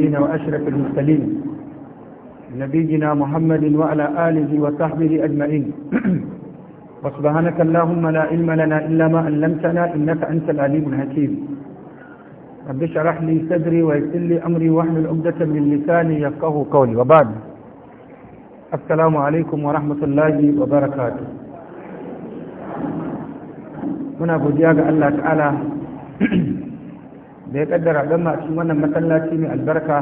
المرسلين وأشرف المرسلين نبينا محمد وعلى آله وصحبه أجمعين وسبحانك اللهم لا علم لنا إلا ما علمتنا إنك أنت العليم الحكيم رب اشرح لي صدري ويسر لي أمري واحلل عقدة من لساني يفقه قولي وبعد السلام عليكم ورحمة الله وبركاته هنا godiya الله تعالى da ya kaddara don ma cikin wannan masallaci mai albarka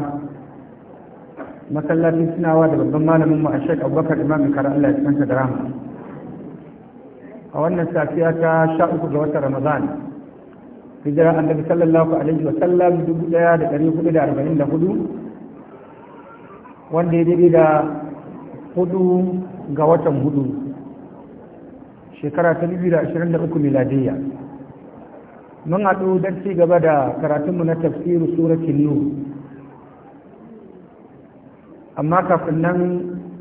masallacin sinawa da babban malamin mu a shek abubakar imamin kara allah ya cikin da rama. a wannan safiya ta sha uku ga watan ramadan hijira annabi sallallahu alaihi wa sallam dubu daya da dari hudu da arba'in da hudu wanda ya daidai da hudu ga watan hudu shekara ta dubu da ashirin da uku miladiyya mun haɗu don ci gaba da karatunmu na tafsiru suratul nur amma kafin nan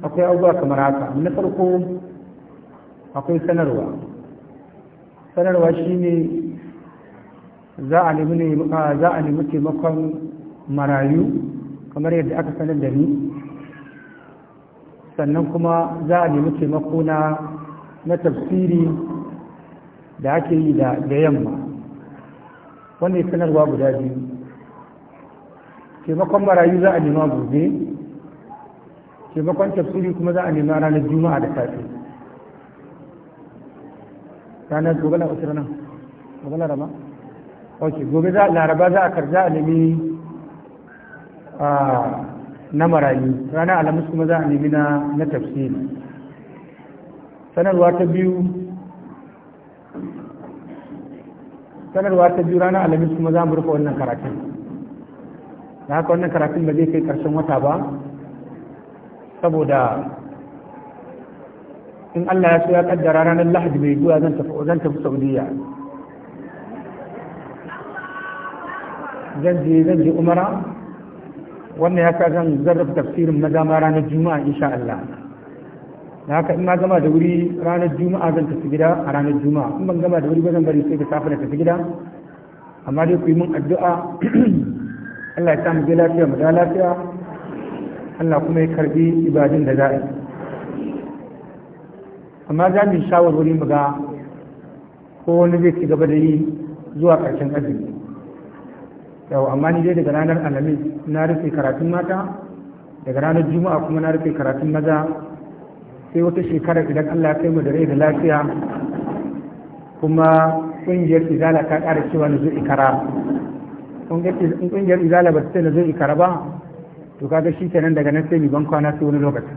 akwai abubuwa kamar haka na farko akwai sanarwa sanarwa shine za a nemi taimakon marayu kamar yadda aka sanar da ni sannan kuma za a nemi taimako na tafsiri da ake yi da yamma wannan sanarwa guda biyu taimakon marayu za a nema gobe taimakon tafsiri kuma za a nema ranar juma'a da safe ranar gobe na wasu ranar gobe laraba ok gobe za laraba za a karza a nemi na marayu ranar alamus kuma za a nemi na tafsiri sanarwa ta biyu sanarwa ta biyu ranar alhamis kuma za mu rufe wannan karatun da haka wannan karatun ba zai kai karshen wata ba saboda in Allah ya so ya kaddara ranar lahadi mai zuwa zan tafi zan tafi saudiya zan je zan je umara wannan ya sa zan zarrafa tafsirin maza dama ranar juma'a insha Allah da haka in ma gama da wuri ranar juma'a zan tafi gida a ranar juma'a in ban gama da wuri ba zan bari sai da safe da tafi gida amma dai ku yi mun addu'a Allah ya sa mu je lafiya mu da lafiya Allah kuma ya karbi ibadin da za a amma za mu yi shawarwari mu ga ko wani zai ci gaba da yi zuwa ƙarshen azumi yau amma ni dai daga ranar alhamis na rufe karatun mata daga ranar juma'a kuma na rufe karatun maza sai wata shekara idan Allah kai mu da rai da lafiya kuma ƙungiyar izala ta ƙara cewa na zo ikara ƙungiyar izala ba su sai na zo ikara ba to kaga shi kenan daga nan sai mu ban kwana sai wani lokaci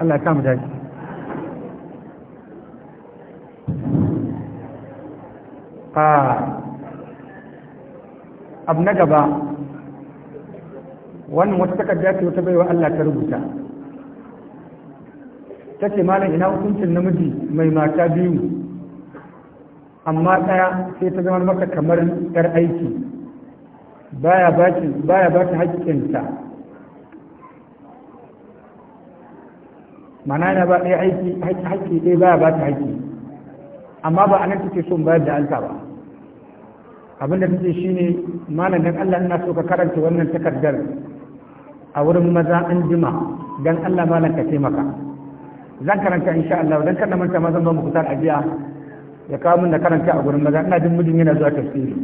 Allah ya mu dace abu na gaba wannan wata takarda ce wata baiwa Allah ta rubuta ta ce malam ina hukuncin namiji mai mata biyu amma ɗaya sai ta zama maka kamar yar aiki baya ba ta haƙƙinta mana yana ba ɗaya aiki haƙƙi ɗaya baya ba ta haƙƙi amma ba anan take son bayar da alta ba abinda take shine malam dan Allah ina so ka karanta wannan takardar a wurin maza an jima dan Allah malam ka taimaka zan karanta insha Allah dan kada manta ma zan ba mu ajiya ya kawo min da karanta a gurin maza ina jin mijin yana zuwa tafsiri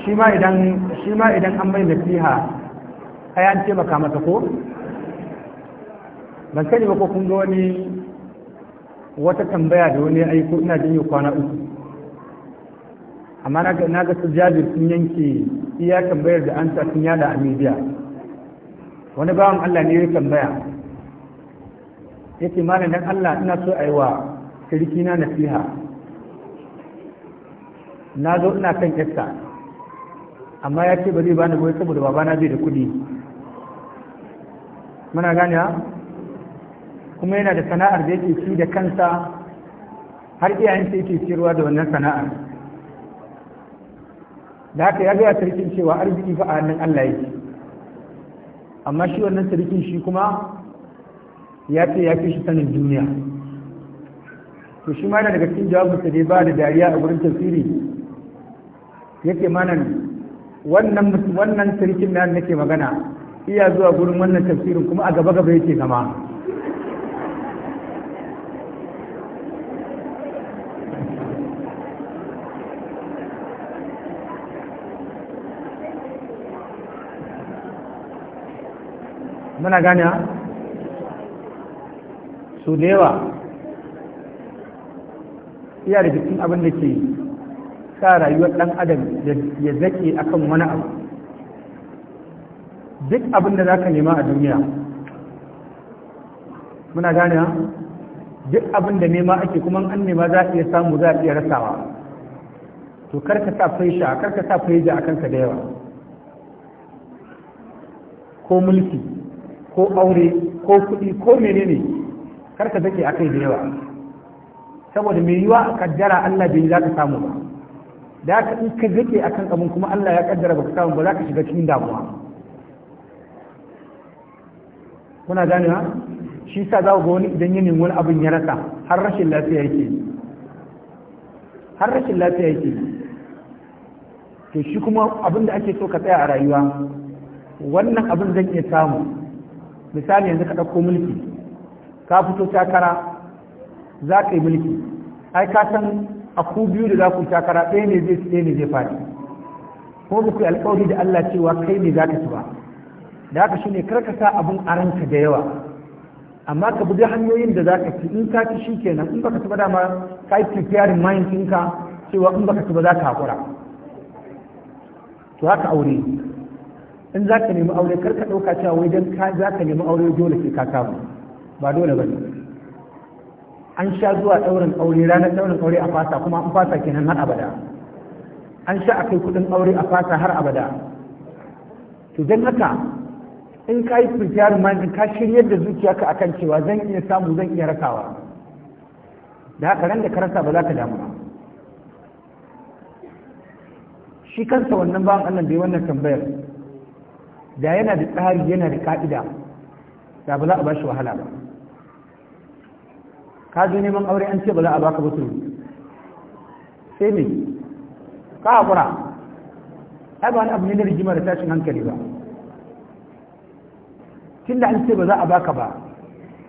shi ma idan shi ma idan an mai nasiha ai an taimaka masa ko ban sani ba ko kun ga wani wata tambaya da wani aiko ina jin yi kwana uku amma na ga su jabir sun yanke iya tambayar da ansa sun yada a media wani bawan Allah ne ya tambaya yake mana dan Allah ina so a yi wa kirkina nasiha na zo ina kan kyasta amma ya ce ba zai bani goyi saboda babana zai da kuɗi muna gane kuma yana da sana'ar da yake ci da kansa har iyayensa yake ciyarwa da wannan sana'ar da haka ya gaya sarkin cewa arziki fa a hannun Allah yake amma shi wannan sarkin shi kuma ya ce ya fi shi sanin duniya to shi ma yana daga cikin jawabin sa ya ba da dariya a gurin tafsiri yake manan wannan wannan sarkin nan nake magana iya zuwa gurin wannan tafsirin kuma a gaba gaba yake zama muna gane su da yawa iya da jikin abin da ke sa rayuwar ɗan adam ya zake akan wani abu duk abin da za ka nema a duniya muna gane duk abin da nema ake kuma an nema za a iya samu za a iya rasawa to karka sa faisha karka sa fahimta a kanka da yawa ko mulki ko aure ko kuɗi ko menene karka dake akai da yawa saboda mai yiwa a kaddara Allah bai za ka samu ba da ka in ka zake akan abin kuma Allah ya kaddara ba ka samu ba za ka shiga cikin damuwa kuna ganewa shi sa za ku ga wani idan yanin wani abin ya rasa har rashin lafiya yake har rashin lafiya yake to shi kuma abin da ake so ka tsaya a rayuwa wannan abin zan iya samu misali yanzu ka ɗauko mulki ka fito takara za ka yi mulki ai ka san a ku biyu da za ku takara ɗaya ne zai ɗaya ne zai faɗi ko ba ku yi alƙawari da Allah cewa kai ne za ka ci ba da haka shine kar ka sa abun a ranka da yawa amma ka bi hanyoyin da za ka ci in ka ci shi kenan in baka ci ba dama ka yi prepare mind ɗinka cewa in baka ci ba za ka haƙura to haka aure in za ka nemi aure karka ɗauka cewa wai don za ka nemi aure dole sai ka kama ba dole ba an sha zuwa ɗaurin aure ranar ɗaurin aure a fasa kuma an fasa kenan har abada an sha a kai kuɗin aure a fasa har abada to don haka in ka yi firtiyar mani ka shiryar da ka akan cewa zan iya samu zan iya rasawa da haka ran da ka rasa ba za ka damu ba shi kansa wannan bawan Allah bai wannan tambayar da yana da tsari yana da ka'ida da ba za a ba shi wahala ba ka zo neman aure an ce ba za a baka ba sai me ka hakura ai ba wani abu ne na rigima da tashin hankali ba tun da an ce ba za a baka ba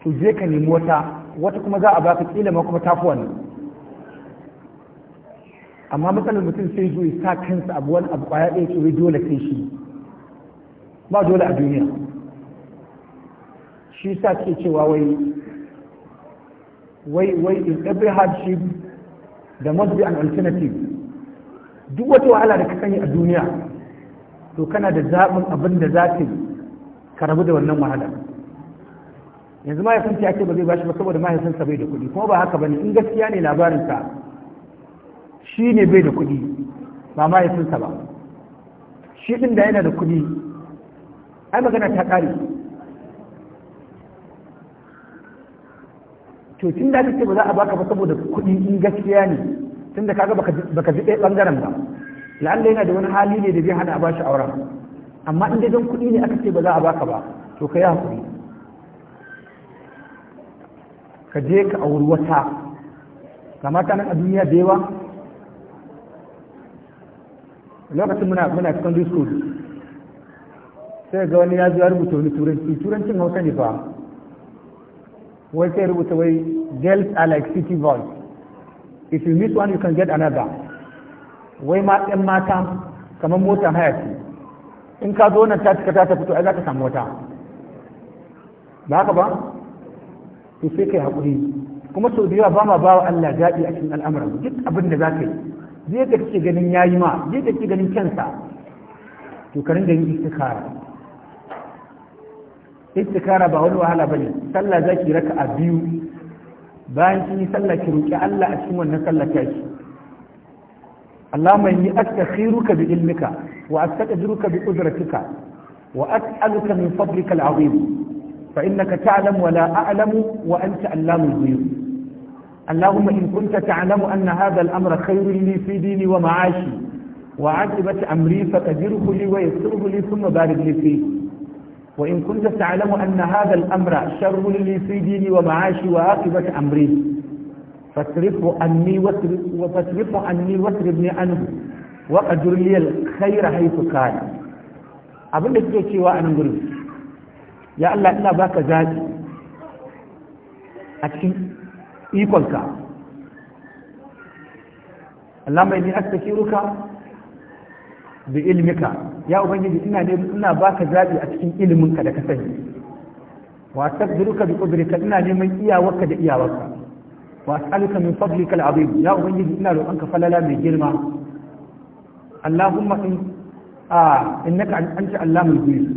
to je ka nemi wata wata kuma za a baka kila ma kuma tafi ne amma matsalar mutum sai zo ya sa kansa abu wani abu kwaya ɗaya ce dole sai shi ba dole a duniya shi sa ke cewa wai wai wai in every hardship da must be an alternative duk wata wahala da ka sani a duniya to kana da zaɓin abin da za ka karabu da wannan wahala yanzu mahaifinta ya ce ba zai bashi ba saboda mahaifinsa bai da kuɗi kuma ba haka ba ne in gaskiya ne labarinsa shi ne bai da kuɗi ba mahaifinsa ba shi ɗin da yana da kuɗi ai magana ta ƙare to tun da aka ce ba za a baka ba saboda kuɗi in gaskiya ne tun da kaga baka ji ɗaya ɓangaren ba la'alla yana da wani hali ne da zai hana a bashi auren amma in dai don kuɗi ne aka ce ba za a baka ba to ka yi hakuri ka je ka auri wata kamata nan a duniya da yawa lokacin muna muna secondary school sai ga wani ya zo ya rubuta wani turanci turancin hausa ne fa wai sai rubuta wai girls are like city boys if you miss one you can get another wai ma ɗan mata kamar mota haya ce in ka zo nan ta cika ta fito ai za ka samu wata ba haka ba to sai kai haƙuri kuma sau da yawa ba ma bawa Allah daɗi a cikin al'amuran duk abin da za ka yi zai da kake ganin yayi ma zai da kake ganin kyansa to ka ringa yin istikara istikara ba wani wahala bane sallah zaki raka a biyu bayan kin yi sallah ki roki Allah a cikin wannan sallah ta ki Allah mai inni astakhiruka bi ilmika wa astaqdiruka bi qudratika wa as'aluka min fadlika al'azim fa innaka ta'lam wa la a'lamu wa anta allamul ghuyub اللهم إن كنت تعلم أن هذا الأمر خير لي في ديني ومعاشي وعاقبة أمري فقدره لي ويسره لي ثم بارك لي فيه وإن كنت تعلم أن هذا الأمر شر لي في ديني ومعاشي وعاقبة أمري فاترفوا عني وفاترفوا أني واتربني عنه وأجر لي الخير حيث كان أبنى تجيشي وأنا أقول يا الله إلا باك زاد أكيد إيقل كا اللهم إني أستشيرك أستشيرك Da ilmika ya ubangiji ina ne ina baka zabi a cikin iliminka da ka sani wa taqdiruka bi qudratika ina neman iyawarka da iyawarka wa as'aluka min fadlika al'azim ya ubangiji ina roƙonka falala mai girma allahumma in a innaka anta allamul ghuyub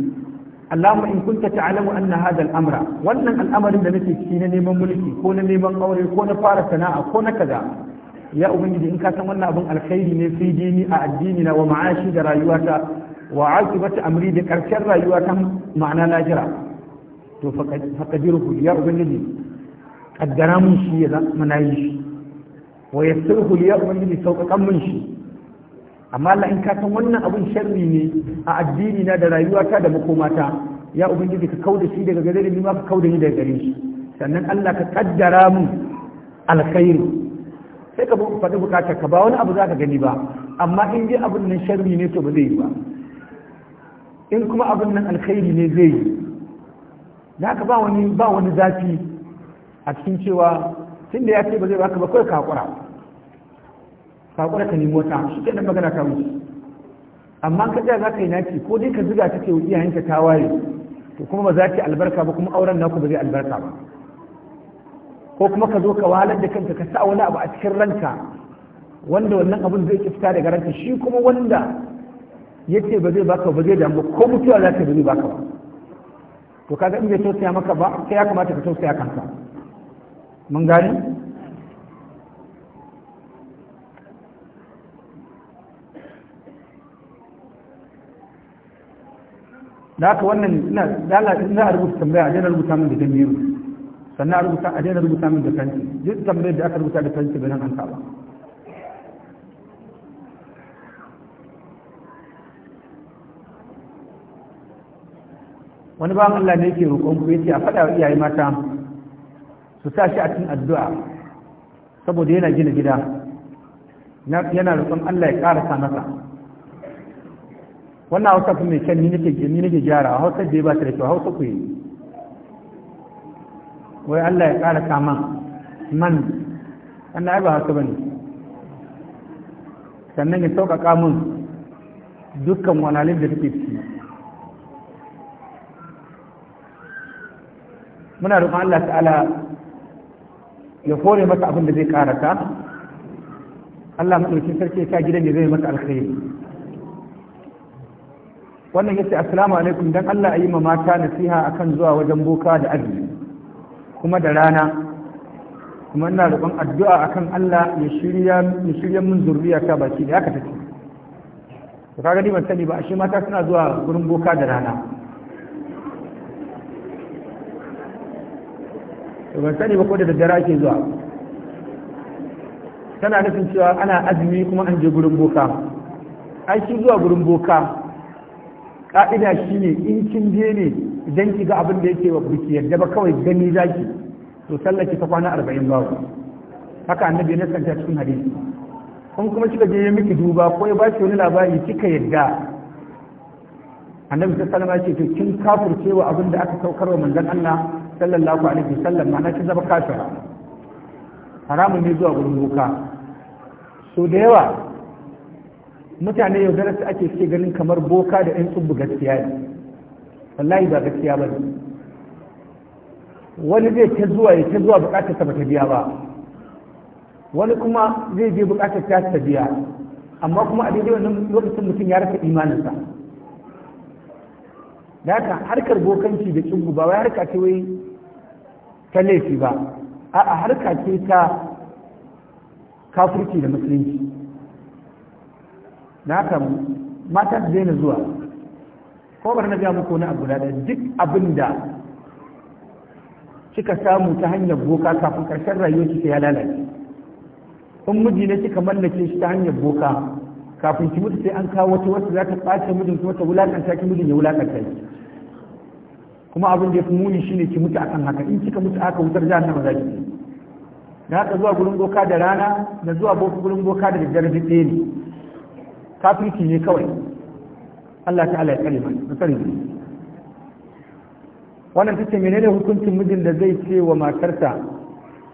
allahumma in kunta ta'lamu anna hadha al'amra wannan al'amarin da nake ciki na neman mulki ko na neman aure ko na fara sana'a ko na kaza ya ubangiji in ka san wannan abin alkhairi ne fi dini a addini na wa ma'ashi da rayuwata wa aqibati amri da karshen rayuwa rayuwata ma'ana lahira to faqadiruhu ya ubangiji kaddara mun shi ya zama yi shi wa yassirhu ya ubangiji sauƙaƙan mun shi amma Allah in ka san wannan abin sharri ne a addini na da rayuwata da makomata ya ubangiji ka kauda shi daga gare ni ma ka kauda ni daga gare shi sannan Allah ka kaddara mun alkhairi sai ka faɗi bukata ka ba wani abu za ka gani ba amma in dai abin nan sharri ne to ba zai yi ba in kuma abin nan alkhairi ne zai yi za ka ba wani ba wani zafi a cikin cewa tun da ya ce ba zai baka ba kawai kakura kakura ka nemo ta shi kenan magana ta wuce amma ka ja za ka yi naki ko dai ka ziga ta ce iyayenka ta waye to kuma ba za ki albarka ba kuma auren naku ba zai albarka ba ko kuma ka zo ka walar da kanka ka sa wani abu a cikin ranka wanda wannan abun zai ki fita daga ranka shi kuma wanda ya ce ba zai baka ba zai damu ko mutuwa za ta ba zai baka ba to kaga in bai tausaya maka ba sai ya kamata ka tausaya kanka mun gani da haka wannan ina za ina rubuta tambaya a rubuta min da jami'u sannan a rubuta a daina rubuta min da fanti duk tambayar da aka rubuta da fanti bai nan an ba wani bawan Allah ne yake roƙon ku yace a faɗa wa iyaye mata su sa shi a cikin addu'a saboda yana gina gida yana roƙon Allah ya ƙarasa masa wannan hausa fi mai kyan ni nake ni nake gyara hausa da ba ta da kyau hausa ku yi wai Allah ya ƙara kama man Allah ba haka ba ne sannan ya sauƙaƙa mun dukkan walalin da suke ciki muna rufin Allah ta'ala ya fore masa abin da zai karata Allah maɗauki sarki ya gidan da zai masa alkhairi wannan yace assalamu alaikum dan Allah ayi ma mata nasiha akan zuwa wajen boka da azumi kuma da rana kuma ina roƙon addu'a akan Allah ya shirya min zurriya ta baki da aka tafi to kaga ni ban sani ba ashe mata suna zuwa gurin boka da rana to ban sani ba ko da daddare ake zuwa tana nufin cewa ana azumi kuma an je gurin boka ai shi zuwa gurin boka ka'ida shine in kin je ne idan ki ga abin da yake wa biki yadda ba kawai gani zaki to sallar ki ta kwana arba'in babu haka annabi ya nasanta cikin hadisi kun kuma kika je miki duba ko ya ba bashi wani labari kika yadda annabi ta sallama ce to kin kafirce wa abin da aka saukar wa manzon Allah sallallahu alaihi wasallam ma'ana kin zaba kafira haramun ne zuwa gurin boka so da yawa mutane yaudarar su ake ce ganin kamar boka da 'yan tsubu gaskiya ne wallahi ba gaskiya ba ne wani zai ta zuwa ya ta zuwa bukatar ta biya ba wani kuma zai je bukatar ta ta biya amma kuma a daidai wannan lokacin mutum ya rasa imaninsa da haka harkar bokanci da tsubu ba wai harka ce wai ta laifi ba a'a harka ce ta kafirki da musulunci na haka mata daina zuwa ko bar na ga muku wani abu da duk abin da kika samu ta hanyar boka kafin karshen rayuwar ki ya lalace in miji ne kika mallake shi ta hanyar boka kafin ki mutu sai an kawo wata wata za ta ɓace mijin ki wata wulakanta ki mijin ya wulakanta ki kuma abin da ya fi muni shine ki mutu akan haka in kika mutu aka wutar jahannama za ki na haka zuwa gurin boka da rana da zuwa gurin boka da daddare duk ɗaya ne ki ne kawai Allah ta'ala ya tsare tsare mu wannan tace menene hukuncin mijin da zai ce wa matarsa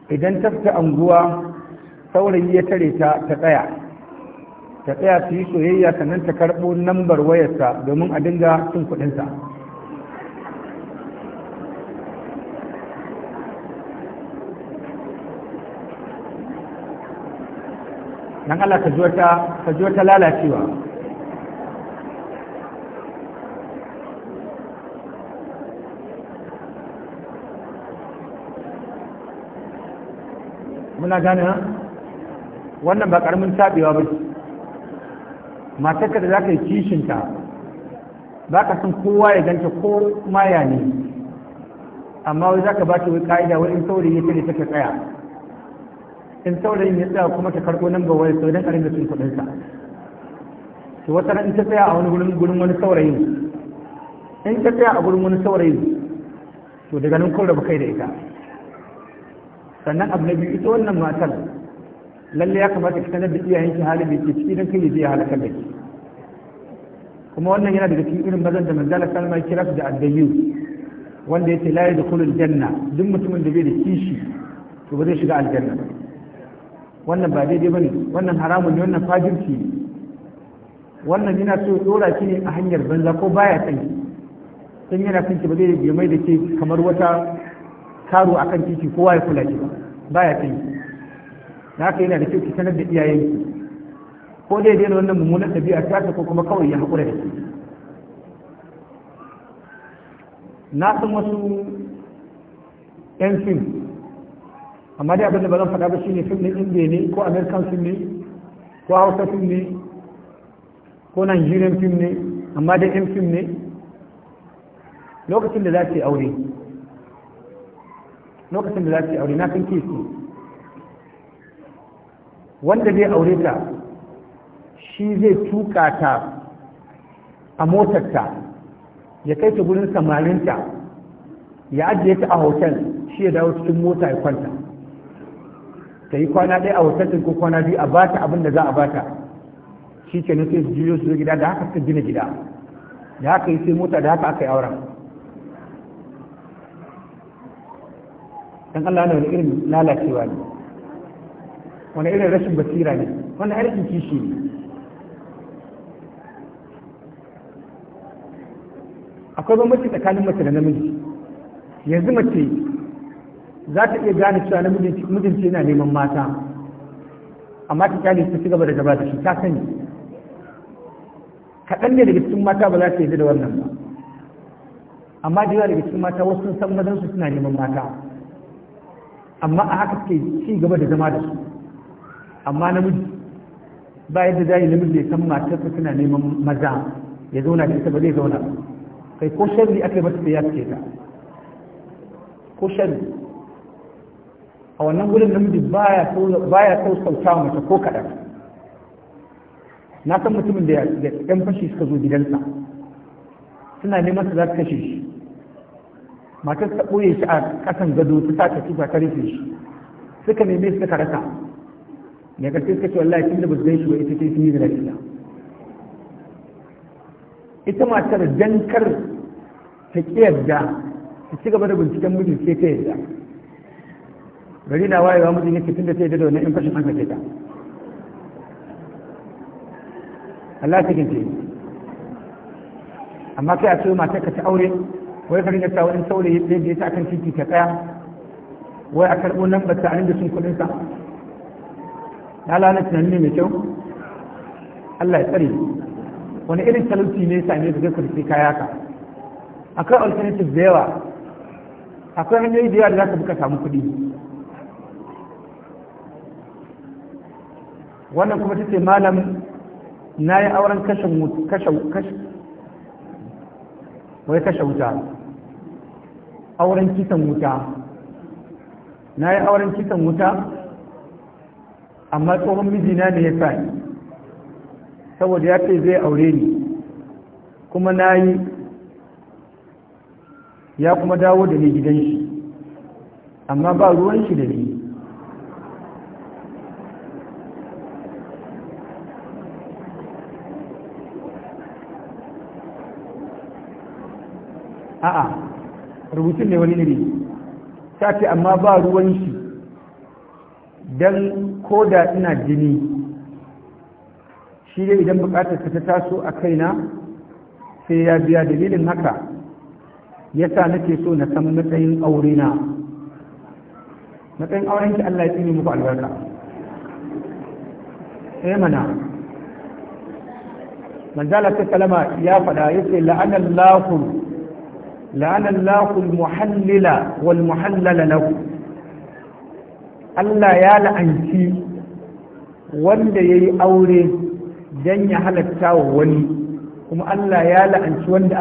idan ta fita anguwa saurayi ya tare ta ta tsaya ta tsaya su yi soyayya sannan ta karɓo lambar wayarsa domin a dinga cin kuɗinsa Nan Allah ka ta wata lalacewa muna gane ha wannan ba karamin tabewa ba matarka da za ka yi kishinta ba ka san kowa ya ganta ko maya ne amma wai za ka ba ta wai ka'ida wai in saurayi ya da ta tsaya in saurayin ya tsaya kuma ta karɓo nan ba wai sau karin ƙarin da cin kuɗinsa to wata ran ta tsaya a wani gurin gurin wani saurayin in ta tsaya a gurin wani saurayin to daga nan kun rabu kai da ita sannan abu na biyu ita wannan matar lalle ya kamata ka sanar da iyayenki halin da ke ciki don kai zai ya halakar da ke kuma wannan yana daga cikin irin mazan da manzala salma ya kira da addayu wanda ya yake da kulun janna duk mutumin da bai da kishi to ba zai shiga aljanna wannan ba daidai bane wannan haramun ne wannan fajirci ne wannan yana so dora ki ne a hanyar banza ko baya san sun yana son ki ba zai bai mai da ke kamar wata Karu a kan titi kowa ya kula ki ba ya kai na haka yana da kyau ki sanar da iyayenki ko dai daina wannan mummunan ɗabi'a ta ta ko kuma kawai ya haƙura da shi na san wasu 'yan fim amma dai abinda ba zan faɗa ba shine fim ɗin indiya ne ko american fim ne ko hausa fim ne ko nigerian fim ne amma dai 'yan fim ne lokacin da za ta yi aure lokacin da za su aure na ke kesi wanda zai aure ta shi zai tuka ta a motarta ya kai ta gurin samarinta ya ajiye ta a hotel shi ya dawo cikin mota ya kwanta ta yi kwana ɗaya a hotel ko kwana biyu a bata abin za a bata shi ke nufin su juyo gida da haka suka gina gida da haka yi sai mota da haka aka yi auren dan Allah ne wani irin lalacewa ne wani irin rashin basira ne wani aikin kishi ne akwai bambanci tsakanin mace da namiji yanzu mace za ta iya gane cewa mijinci yana neman mata amma ta kyale su ci gaba da gaba da shi ta sani kaɗan ne daga cikin mata ba za ta yi da wannan ba amma da yawa daga cikin mata wasu san mazan su suna neman mata amma a haka suke ci gaba da zama da su amma namiji ba yadda zai namiji ya san matarsa suna neman maza ya zauna da ita ba zai zauna kai ko sharri aka yi masa ya suke ta ko sharri a wannan wurin namiji ba ya sau sauta mace ko kaɗan na san mutumin da yan fashi suka zo gidansa suna neman su za su kashe shi matar ta ɓoye shi a ƙasan gado ta sa ta tuka ta rufe shi suka neme suka rasa ya karshe suka ce wallahi tun da ba su gan shi ba ita ce sun yi da zinafiya ita matar jankar ta ƙi yadda ta ci gaba da binciken mijin sai ta yadda gari na wayewa mijin ne tun da ta yadda da wani in fashin an ta Allah ta gince amma kai a ce matar ka ta aure wai farin yasa wani saurayi ɗaya da ya sa kan titi ta tsaya wai a karɓo nan ba tare da sun kuɗin sa ya lana tunani mai kyau Allah ya tsare wani irin talauci ne ya same da zai karfi kaya ka akwai alternative da yawa akwai hanyoyi da yawa da za ka buka samu kuɗi wannan kuma ta ce malam na yi auren kashe wuta wai kashe wuta auren kisan wuta na yi auren kisan wuta amma tsohon mijina ne ya sa saboda ya ce zai aure ni kuma na yi ya kuma dawo da ni gidan shi amma ba ruwan shi da ni a'a rubutun ne wani iri ta ce amma ba ruwan shi don ko da ina jini shi dai idan bukatar ta taso a kaina sai ya biya dalilin haka yasa nake so na san matsayin aure na matsayin auren ki Allah ya tsini muku albarka eh mana manzala ta salama ya faɗa la'anar la'anallahu la'ana Allahu al-muhallila muhallala lahu Allah ya la'anci wanda yayi aure dan ya halatta wa wani kuma Allah ya la'anci wanda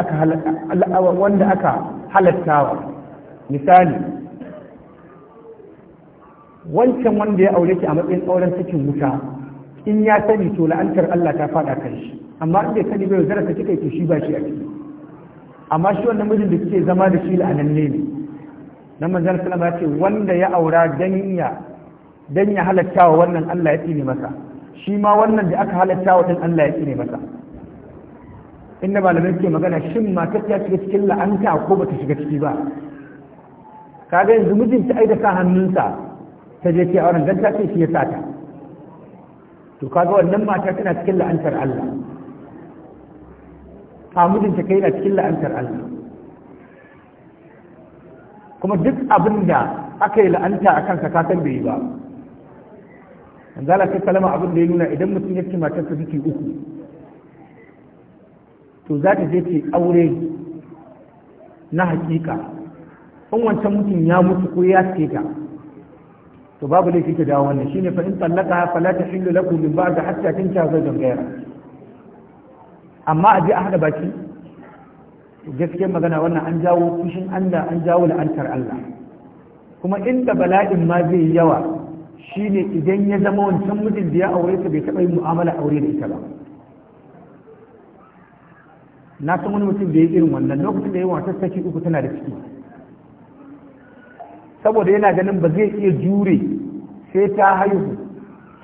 aka halatta misali wancan wanda ya aure ki a matsayin auren cikin wuta in ya sani to la'antar Allah ta faɗa kan shi amma in bai sani bai zara ka kika shi ba shi a amma shi wannan mijin da suke zama da shi a ne nan manzon sallallahu alaihi ya ce wanda ya aura don ya dan ya halatta wa wannan Allah ya tsine masa shi ma wannan da aka halatta wa dan Allah ya tsine masa inda malamai suke magana shin matar ta shiga cikin la'anta ko bata shiga ciki ba kaga yanzu mijinta ta da sa hannunsa ta je ce auren dan ta ce shi ya sata to kaga wannan mata tana cikin la'antar Allah hamudin ta kai na cikin la'antar Allah kuma duk abin da aka yi la'anta a kansa ka bai yi ba an zala kai kalama abin da ya nuna idan mutum ya ce matarsa ciki uku to za ta je ce aure na hakika in wancan mutum ya mutu ko ya ce ta to babu laifi ta dawo wannan shine fa in tallaka la tahillu lakum min ba'da hatta tankahu zawjan ghayra amma a je a hada baki gaskiyar magana wannan an jawo kushin Allah an jawo la'antar Allah kuma inda bala'in ma zai yi yawa shine idan ya zama wancan mijin da ya aure ta bai taɓa yin mu'amala aure da ita ba na san wani mutum da ya irin wannan lokacin da ya wata saki uku tana da ciki saboda yana ganin ba zai iya jure sai ta haihu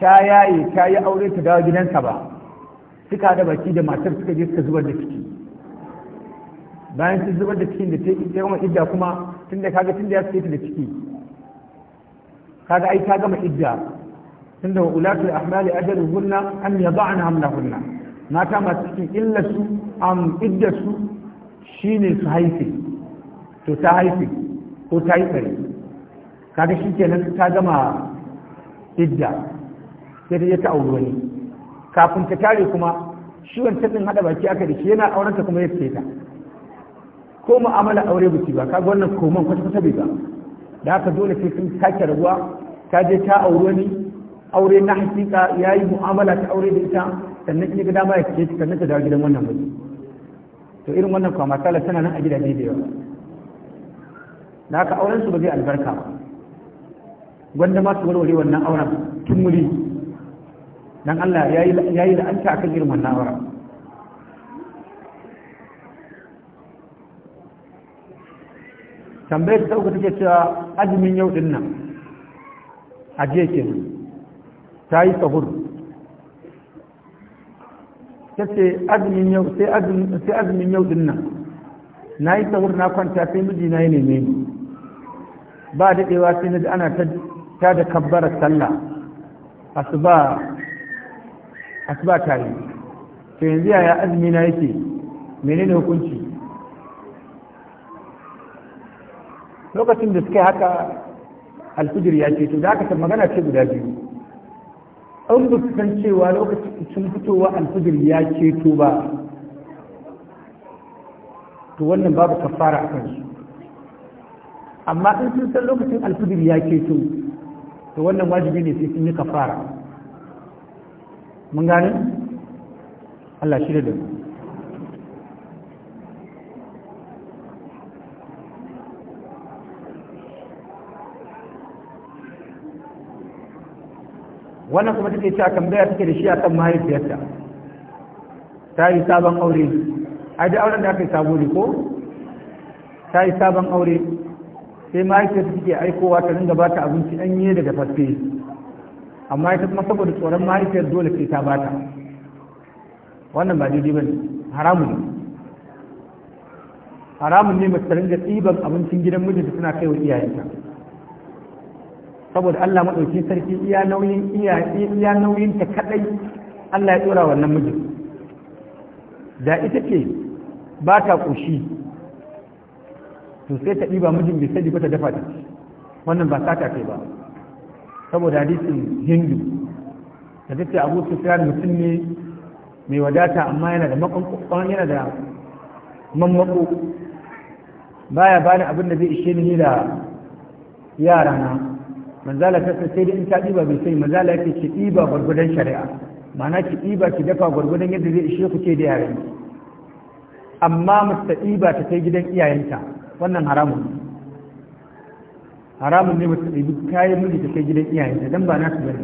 ta yaye ta yi aure ta dawa gidansa ba suka da baki da matar suka je suka zubar da ciki bayan sun zubar da cikin da ta kuma idda kuma tun da kaga tun da ya suke ta da ciki kaga ai ta gama idda tun da ulatul ahmali ajal hunna an yada'na hunna mata masu cikin illa su am idda su shine su haife to ta haife ko ta yi tsare kaga kenan ta gama idda sai ta je ta auri wani kafin ta tare kuma shi wancan din hada baki aka da shi yana auren ta kuma ya ce ta ko mu'amala aure biki ba kaga wannan koman kwata kwata bai ba da haka dole sai sun sake rabuwa ta je ta aure ni aure na hakika yayi mu'amala ta aure da ita sannan in ga dama ya ce sannan ta dawo gidan wannan mutum to irin wannan kwama tala tana nan a gidaje da yawa da haka auren su ba zai albarka ba gwanda ma su warware wannan auren tun wuri dan Allah ya yi la'anta akan irin wannan aura tambayar ta uku take cewa azumin yau din nan a jiya kenan ta yi sahur ta ce azumin yau sai azumin yau din nan na yi sahur na kwanta sai miji na yi neme ni ba daɗewa sai na ji ana ta da kabbarar sallah asuba asuba ta yi to yanzu ya azumi na yake menene hukunci lokacin da suka yi haka alfijir ya ce to da aka san magana ce guda biyu an ba san cewa lokacin sun fitowa alfijir ya ceto ba to wannan babu kafara a kansu amma in sun san lokacin alfijir ya ceto to wannan wajibi ne sai sun yi kafara mun gane Allah shi da wannan kuma take cewa tambaya take da shi a kan mahaifiyarta ta yi sabon aure ai da auren da aka yi sabo ne ko ta yi sabon aure sai mahaifiyarta take aikowa ta ringa ba ta abinci ɗanye daga fasfe amma ita kuma saboda tsoron mahaifiyar dole sai ta bata wannan ba daidai bane haramun ne haramun ne mace ringa tsiban abincin gidan mijinta suna kai wa iyayenta saboda Allah madauki sarki iya nauyin iya iya nauyin ta kadai Allah ya tsora wannan mijin da ita ce ba ta ƙoshi to sai ta ɗiba mijin bai sai ba ta dafa ta wannan ba sata kai ba saboda hadisin hindu da dace abu sufyan mutum ne mai wadata amma yana da makon yana da mammako baya bani abin da zai ishe ni da yara na manzala ta sai da in ta ɗiba bai sai manzala yake ki ɗiba gwargwadon shari'a ma'ana ki ɗiba ki dafa gwargwadon yadda zai ishe ku ke da yaran amma mutsa ɗiba ta kai gidan iyayenta wannan haramun haramun ne mutum ɗabi kayan miji ta kai gidan iyayen dan ba su bane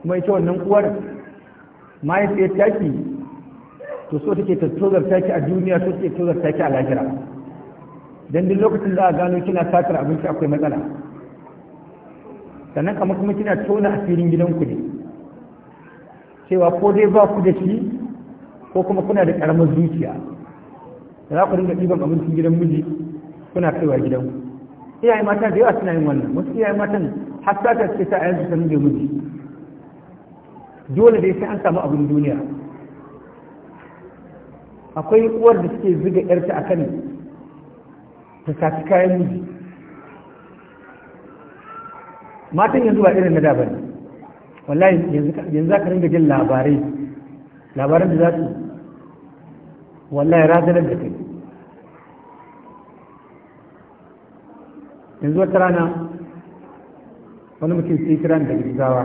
kuma ita wannan uwar mahaifiyar taki to so take ta tozar taki a duniya so take tozar taki a lahira dan duk lokacin da a gano kina satar abinci akwai matsala sannan kamar kuma kina tona a gidan gidanku ne cewa ko dai ba ku da shi ko kuma kuna da karamar zuciya za ku dinga ɗiban abincin gidan miji kuna kaiwa gidanku iyaye mata da yawa suna yin wannan wasu iyaye matan hatta ta ce ta yanzu ta nuna miji dole dai sai an samu abin duniya akwai uwar da suke zuga yarta akan ta saci kayan miji matan yanzu ba irin na da wallahi yanzu za ka ringa jin labarai labaran da za su wallahi razanar da kai yanzu wata rana wani mutum sai kira da gizawa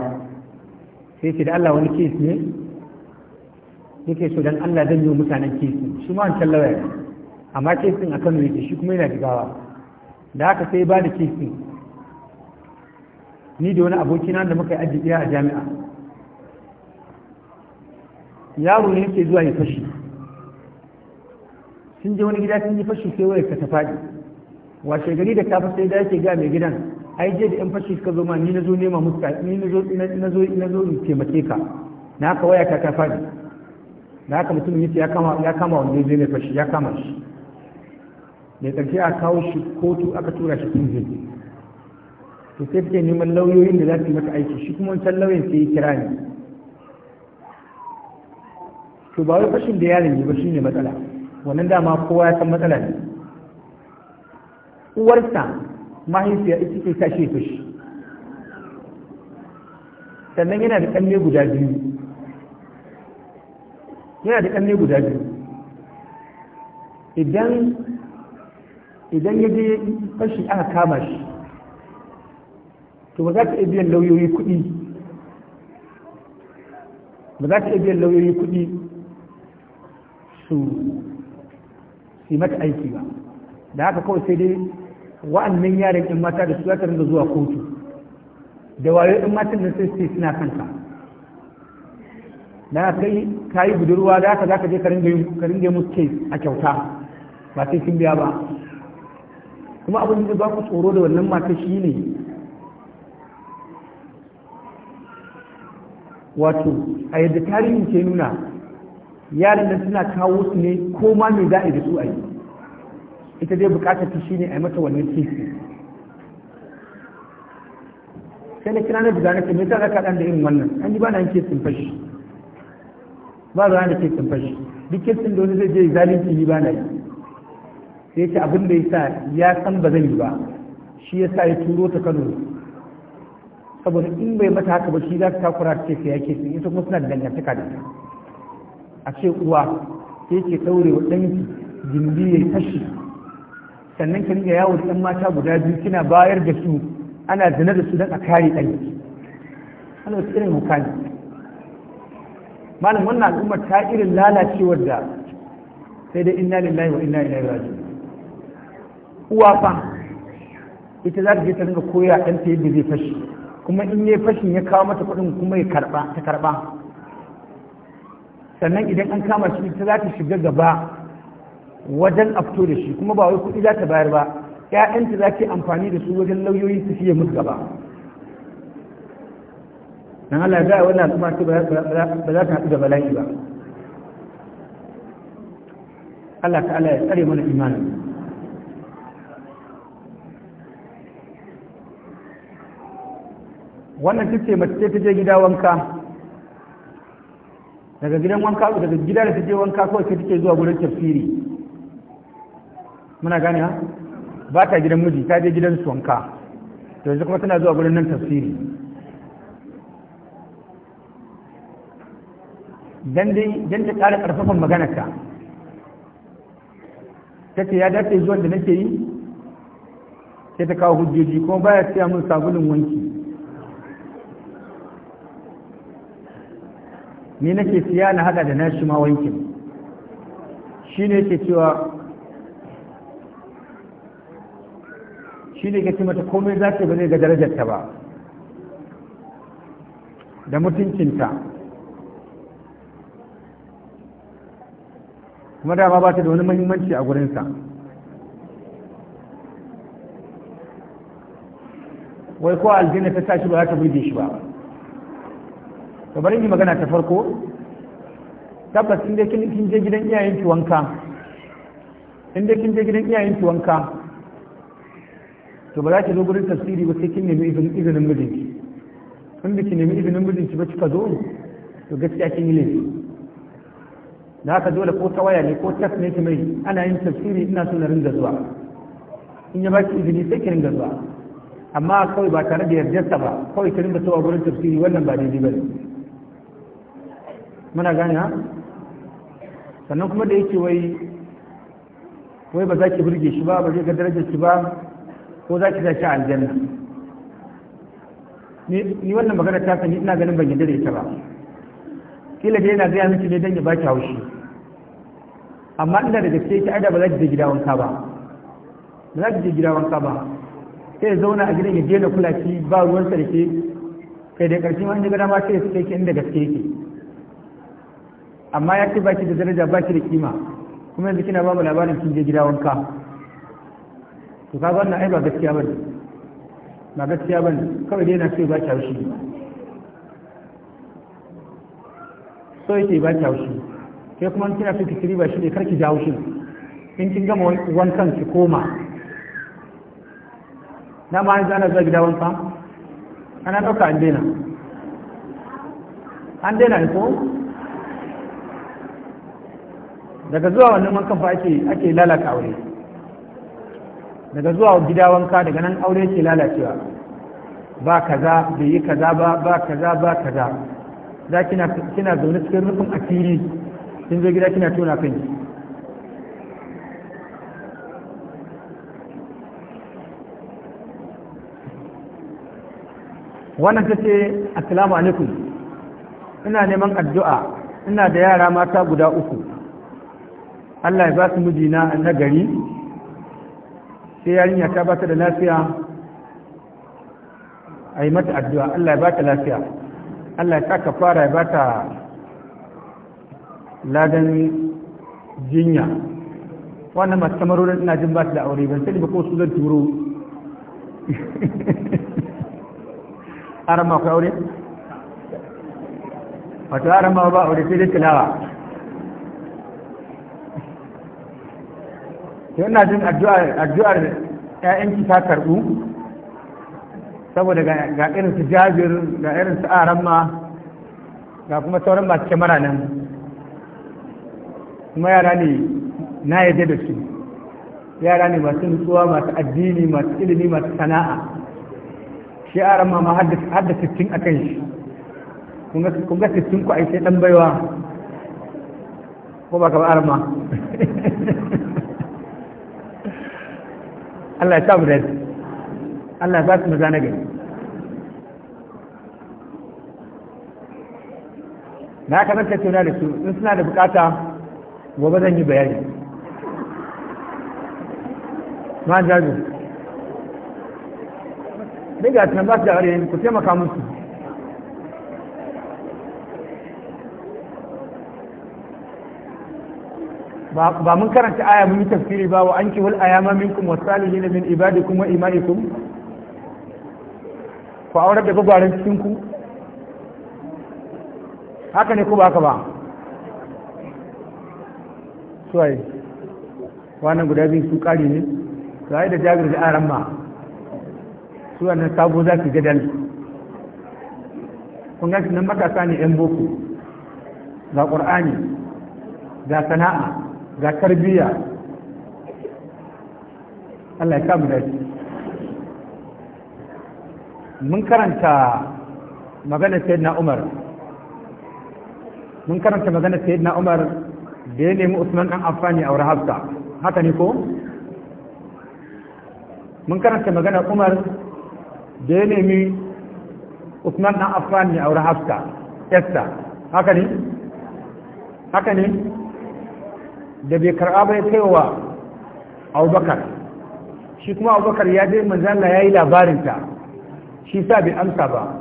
sai ce da Allah wani kes ne yake so dan Allah zan yi mutanen kesi shi ma wancan lawyer amma kesin a Kano yake shi kuma yana gizawa da haka sai ba da kesin ni da wani abokina da muka yi ajiye a jami'a yaro ne yake zuwa ya fashi sun je wani gida sun yi fashi sai waye ka ta faɗi washe gari da kafa sai da yake ga mai gidan ai je da yan fashi suka zo ma ni na zo nema muska ni na zo na zo ina zo mace ka na ka waya ta ka fadi na ka mutum yace ya kama ya kama wanda zai mai fashi ya kama shi Mai karshe a kawo shi kotu aka tura shi kunje to sai take neman lauyoyin da za su mata aiki shi kuma wancan lauyan sai ya kira ni to ba wai fashin da yaron ne ba shine matsala wannan dama kowa ya san matsala ne uwarsa mahaifiya ita ce kashe ta shi sannan yana da ƙanne guda biyu yana da ƙanne guda biyu idan idan ya je fashi aka kama shi to ba za ka iya biyan lauyoyi kuɗi ba za ka iya biyan lauyoyi kuɗi su yi mata aiki ba da haka kawai sai dai wa'annan yaran ɗin mata da su za ta ringa zuwa kotu da wayo ɗin matan da sai suna kanka da kai ka yi budurwa da haka za ka je ka ringa musu ke a kyauta ba sai sun biya ba kuma abin da ba ku tsoro da wannan mata shi ne wato a yadda tarihin ke nuna yaran nan suna kawo su ne ko ma me za a yi da su a yi ita dai bukatar ta shine a yi mata wannan kifi sai na kira na buga na kuma ta raka dan da irin wannan an yi ba na yanke sun fashi ba za a ke sun fashi duk kisin da wani zai je zalunci ni ba na yi sai ce abin da ya sa ya san ba zan yi ba shi ya sa ya turo ta kano saboda in bai mata haka ba shi za ta takura ce sai ya sun ita kuma suna da dangantaka da ta a ce uwa sai ke ɗaure wa ɗanki gindi ya yi fashi sannan ki ringa yawo da mata guda biyu kina bayar da su ana zina da su don a kare ɗan ana wasu irin hukani malam wannan al'ummar ta irin lalacewar da sai dai inna lillahi wa inna ilaihi raji'un uwa fa ita za ta je ta ringa koya ta yadda zai fashi kuma in yayi fashin ya kawo mata kuɗin kuma ya karɓa ta karɓa sannan idan an kama shi ita za ta shiga gaba wajen a fito da shi kuma ba wai kuɗi za ta bayar ba ‘ya'yanta za ki amfani da su wajen lauyoyi su fiye musu gaba nan Allah za a wani al'umma ce ba za ta haɗu da bala'i ba Allah ta Allah ya tsare mana imanin wannan ta ce mace ta je gida wanka daga gidan wanka daga gida da ta je wanka kawai ta take zuwa gurin tafsiri muna gane ha ba ta gidan miji ta je gidan suwanka to yanzu kuma tana zuwa gurin nan tafsiri dan dai dan ta ƙara ƙarfafan maganarka ta ce ya dace zuwan da nake yi sai ta kawo hujjoji kuma baya siya mun sabulun wanki ni nake siya na hada da nashi ma wankin shi ne yake cewa shi ne kace mata komai za ta ba zai ga darajarta ba da mutuncinta kuma dama ba ta da wani mahimmanci a gurinsa wai ko aljanna ta tashi ba za ta burge shi ba to yi magana ta farko tabbas inda kin je gidan iyayen ki wanka inda kin je gidan iyayen ki wanka to ba za ki zo gurin tafsiri ba sai kin nemi izinin mijinki in da ki nemi izinin mijinki ba kika zo to gaskiya kin yi laifi da haka dole ko ta waya ne ko tas ne ki mai ana yin tafsiri ina so na ringa zuwa in ya baki izini sai ki ringa zuwa amma kawai ba tare da yardarsa ba kawai ki ringa zuwa gurin tafsiri wannan ba daidai ba ne muna gane ha sannan kuma da yake wai wai ba za ki burge shi ba ba zai ga darajar ki ba ko za ki tashi aljanna ni wannan magana ta sani ina ganin ban yadda da ita ba kila dai yana gaya miki ne don ya baki haushi amma ina da gaske ki ada ba za ki je gida wanka ba ba za ki je gida wanka ba sai zauna a gidan ya je na kula ki ba ruwan sarki kai da karshe wani gada ma sai su suke ki inda gaske ki amma ya ce baki da daraja baki da kima kuma yanzu kina ba mu labarin kin je gida wanka to kaga wannan ai ba gaskiya bane ba gaskiya bane kawai dai na ce ba ki haushi so yake ba ki haushi Ke kuma kina so ki kiri ba shi ne kar ki ja haushi in kin gama wankan ki koma na ma yanzu ana zuwa gida wanka ana ɗauka an daina an daina ne ko daga zuwa wannan wankan fa ake lalata aure daga zuwa gida wanka daga nan aure ke lalacewa ba kaza bai yi kaza ba ba kaza ba kaza za kina zaune cikin rufin asiri kin zo gida kina tona kanki wannan ta ce assalamu alaikum ina neman addu'a ina da yara mata guda uku Allah ya ba su mijina na gari sai yarinya ta bata da lafiya a yi mata addu'a Allah ya bata lafiya Allah ya taka fara ya bata ladan jinya wannan masu samarorin ina jin basu da aure ban sani ba ko su zan turo a ma ku aure wato aran ma ba aure sai dai tilawa to yana jin addu'ar ‘ya'yanki ta karɓu saboda ga irin su jabir ga irin su aramma ga kuma sauran masu kyamara nan kuma yara ne na yadda da su yara ne masu nutsuwa masu addini masu ilimi masu sana'a shi aramma ma har da sittin a kan shi kun ga sittin ku a sai ɗan baiwa ko ba ka ba aramma Allah ya sa mu da Allah ba su maza na gari na ka na da su in suna da bukata gobe zan yi bayani ma jazu ɗin ga tunan ba su da aure ku taimaka musu ba mun karanta aya mun yi tafsiri ba wa anki wal ayama minkum wasalihin min ibadikum wa imaikum ku aurar da gwagwaran cikin ku haka ne ko ba ka ba suwaye wannan guda biyu su kari ne suwaye da jagir da aran ma su wannan sabo za su gadal kun gashi nan matasa ne yan boko ga ƙur'ani ga sana'a ga karbiya Allah ya kamu da shi mun karanta maganar na Umar mun karanta maganar na Umar da ya nemi Usman ɗan amfani a Hafsa haka ne ko mun karanta maganar Umar da ya nemi Usman ɗan amfani a Hafsa Esther haka ne haka ne da bai karɓa bai kaiwa abubakar shi kuma abubakar ya je manzala ya yi labarinta shi sa bai amsa ba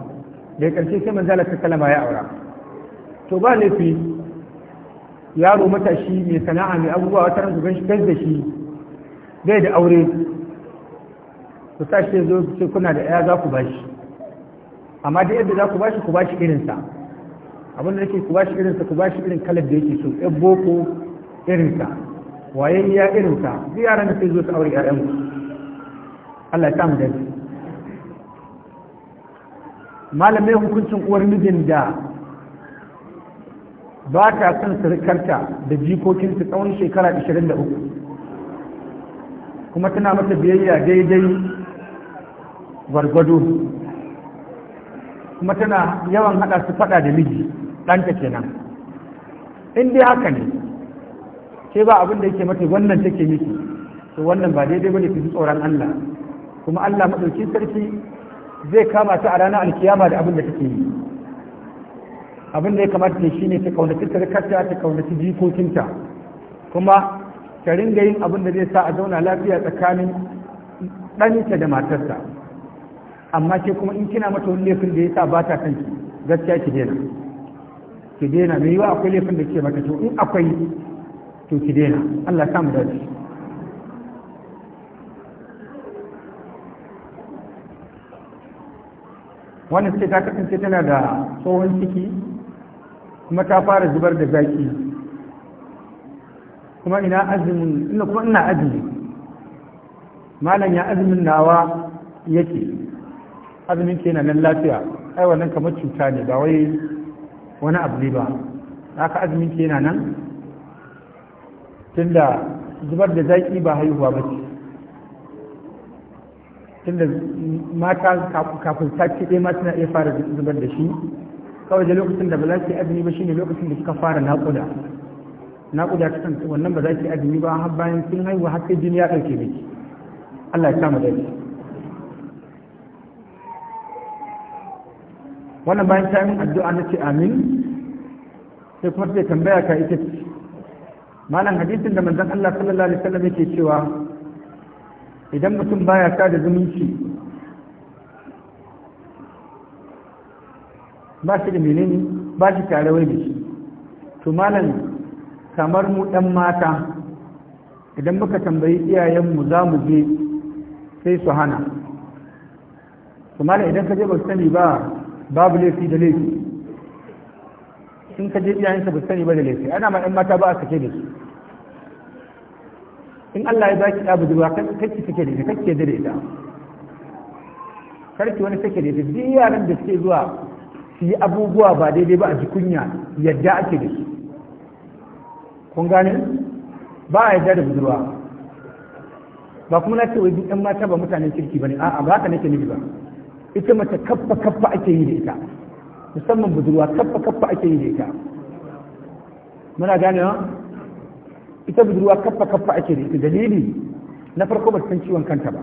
da ya ƙarshe sai manzala ta kalama ya aura to ba laifi yaro matashi mai sana'a mai abubuwa wata ran zuban shi da shi bai da aure ku sa shi zo ce kuna da ɗaya za ku ba shi amma da yadda za ku ba shi ku ba shi irinsa abin da nake ku ba shi irinsa ku ba shi irin kalar da yake so ɗan boko irinsa waye ya irinsa zai yara na sai zo su aure ku. Allah ya mu da malamai hukuncin uwar mijin da ba ta son surukarta da su tsawon shekara 23 kuma tana mata biyayya daidai gwargwado kuma tana yawan hada su fada da miji ɗanta kenan in dai haka ne ke ba abin da yake mata wannan take miki to wannan ba daidai bane ki ji tsoron Allah kuma Allah madauki sarki zai kama ta a ranar alkiyama da abin da take yi abin da ya kamata ne shine ta kaunaci tarkarta ta kaunaci jikokinta kuma ta ringa yin abin da zai sa a zauna lafiya tsakanin ɗanta da matarsa amma ke kuma in kina mata wani laifin da ya sa ba ta kanki gaskiya ki daina ki daina mai yiwa akwai laifin da ke mata to in akwai to ki daina Allah ya samu dace wannan ce ta kasance tana da tsohon ciki kuma ta fara zubar da zaki kuma ina azumin ina kuma ina azumin malam ya azumin nawa yake azumin ke nan lafiya ai wannan kamar cuta ne ba wai wani abu ne ba haka azumin ke nan tunda zubar da zaki ba haihuwa ba ce tunda mata kafin sati ɗaya ma suna iya fara zubar da shi kawai da lokacin da ba za su yi azumi ba shine lokacin da suka fara naƙuda naƙuda ta kanta wannan ba za su yi azumi ba har bayan sun haihuwa har sai jini ya ɗauke miki Allah ya kama da wannan bayan ta yi addu'a na ce amin sai kuma sai tambaya ka ita ce malam hadisin da manzon Allah sallallahu alaihi wasallam yake cewa idan mutum baya sada zumunci ba shi da menene ba shi tare wai da shi to malam kamar mu dan mata idan muka tambayi iyayenmu za mu je sai su hana to malam idan ka je ba sani ba babu laifi da laifi in ka je iyayensa ba sani ba da laifi ana ma 'yan mata ba a sake da su in Allah ya ba ki abu duba kake sake da ita kake da ita karki wani sake da ita duk yaran da suke zuwa su yi abubuwa ba daidai ba a jikunya yadda ake da su kun gane ba a yadda da budurwa ba kuma na ce wai duk 'yan mata ba mutanen kirki ba ne a'a ba haka nake nufi ba ita mace kaffa kaffa ake yi da ita musamman budurwa kaffa kaffa ake yi da ita muna gane wa? ita budurwa kaffa kaffa ake da ita dalili na farko ba san ciwon kanta ba